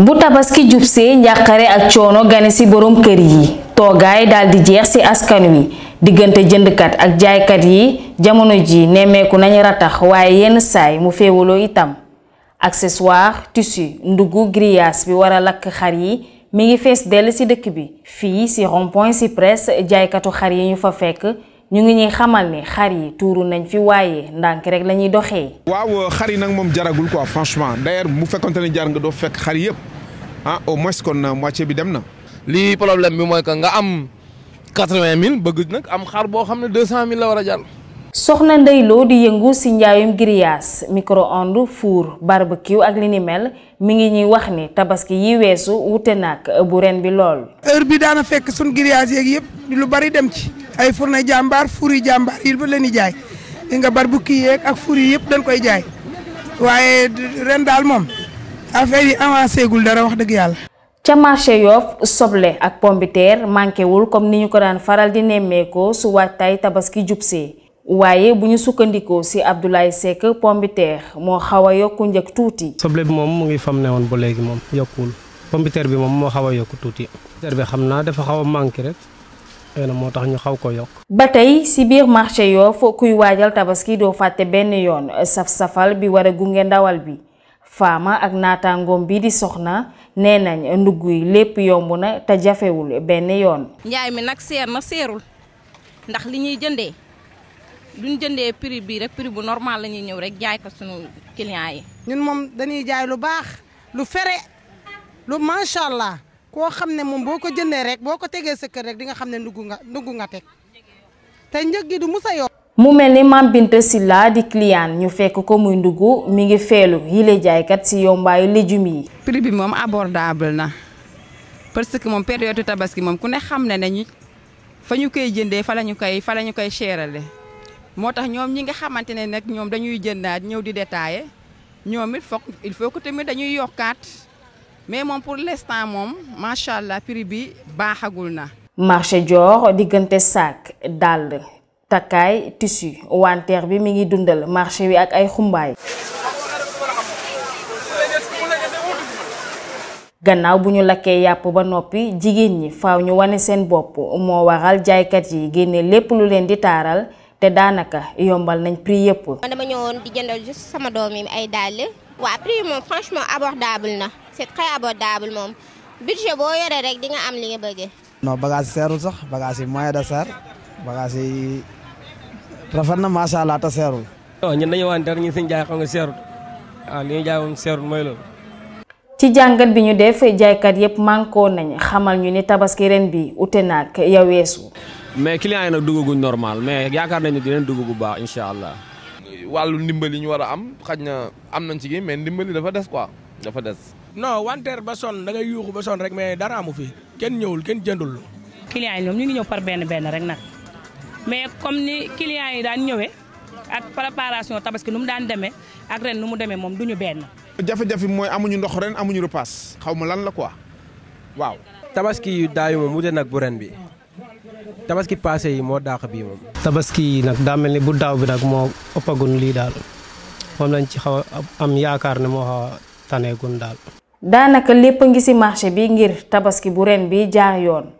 bu tabaski jubsee njàqare ak coono gane ci boroom kër yi toogaay daal di jeex ci askan wi diggante jëndkat ak jaaykat yi jamono ji nemmeeku nañ ratax waaye yenn saay mu féewaloo itam accessoire tissu ndugg grillage bi war a lakk xar yi mu ngi fees dell ci dëkk bi fii ci rond-point Sipres jaaykatu xar yi ñu fa fekk ñu ngi ñuy xamal ni xar yi tuuru nañ fi waaye ndànk rek la ñuy doxee. waaw xar yi nag moom jaragul quoi franchement d'ailleurs mu fekkonte ne jar xar yëpp. ah au moins kon euh, moitié bi dem na. lii problème bi mooy que nga am quatre-vingt mille bëgg nag am xar boo xam ne deux cent mille la war a jàll. soxna Ndeye Lo di yëngu ci njaayum grillage micro-ondes four barbecue ak li ni mel mi ngi ñuy wax ni tabaski yi weesu wute nag bu ren bi lool. heure bi daana fekk sun grillage yéeg yëpp lu bari dem ci ay na jàmbaar fuur yi jàmbaar yi ba leen di jaay nga barbecue yeeg ak fuur yi yëpp dañ koy jaay waaye ren daal moom. affaire yi avancé gul dara wax dëgg yàlla. ca marché Yoff soble ak pombiteer manquéwul comme ni ñu ko daan faral di nemmeekoo su waajtaay tabaski jubsee waaye bu ñu sukkandikoo ci Abdoulaye Seck pombiteer moo xaw a yokku njëg tuuti. soble bi moom mu ngi fam ne woon ba léegi moom yokkuwul pombiteer bi moom moo xaw a yokku tuuti. pombiteer bi xam naa dafa xaw a manqué rek. xëy moo tax ñu xaw ko yokk. ba tey si biir marché Yoff kuy waajal tabaski doo fàtte benn yoon saf-safal bi war a gunge ndawal bi faama ak naataangoom bii di soxna nee nañ ndugg yi lépp yomb na te jafewul benn yoon. njaay mi nag seer na seerul ndax li ñuy jëndee duñ jëndee prix bii rek prix bu normal la ñuy ñëw rek jaay ko sunu clients yi. ñun moom dañuy jaay lu baax lu fere lu macha allah koo xam ne moom boo ko jëndee rek boo ko tegee sa kër rek nga xam ne ndugg nga ndugg nga teg te njëg gi du musa yoo mu mel ni Mame silla Sylla di client ñu fekk ko muy ndugg mi ngi feelu yile jaaykat si yombaayu légumes yi. prix bi moom abordable na parce que moom période tabaski moom ku ne xam ne nañu fa ñu koy jëndee fa la ñu koy fa la ñu koy seerale moo tax ñoom ñi nga xamante ne nag ñoom dañuy jëndaat ñëw di détailler ñoom it foog il faut que tamit dañuy yokkaat mais moom pour l'instant moom macha allah prix bi baaxagul na. marché Dior diggante sac dàll. takkaay tissu wanteer bi mi ngi dundal marché wi ak ay xumbaay gannaaw bu ñu lakkee yàpp ba noppi jigéen ñi faw ñu wane seen bopp moo waral jaaykat yi génne lépp lu leen di taaral te daanaka yombal nañ prix yëpp. man dama ñëwoon di jëndal sama doom yi ay dàll. waa prix moom franchement abordable na c'est très abordable moom budget boo yore rek di nga am li nga bëggee. non bagage seerul sax bagage yi de seer bagage rafet na macha allah te seerul. non ñun dañoo wante rek ñun suñu jaay xam nga seerul waaw ah, li mooy loolu. ci jàngat bi ñu def jaaykat yëpp mànkoo nañ xamal ñu ni tabaski ren bi ute naag ya weesu. mais client yi nag normal mais yaakaar nañu dinañ dugg bu baax incha allah. wàllu ndimbal ñu war am xaj na am nañ ci gi mais ndimbal dafa des quoi dafa des. non wanteer ba sonn da ngay yuuxu ba sonn rek mais dara amu fi kenn ñëwul kenn jëndul. client yi ñoom ñu ngi ñëw par benn benn rek nag. mais comme ni clients yi daan ñëwee ak préparation tabaski nu mu daan demee ak ren nu mu demee moom du ñu benn. jafe-jafe mooy amuñu ndox ren amuñu repas xaw ma lan la quoi waaw. tabaski yu daayu moom wute nag bu ren bi tabaski paase yi moo daax bii moom. tabaski yi nag daa mel ni bu daaw bi nag moo ëppagun lii daal moom lañ ci xaw a am yaakaar ne moo xaw a taneegun daal. daanaka lépp a ngi ci marché bi ngir tabaski bu ren bi jaar yoon.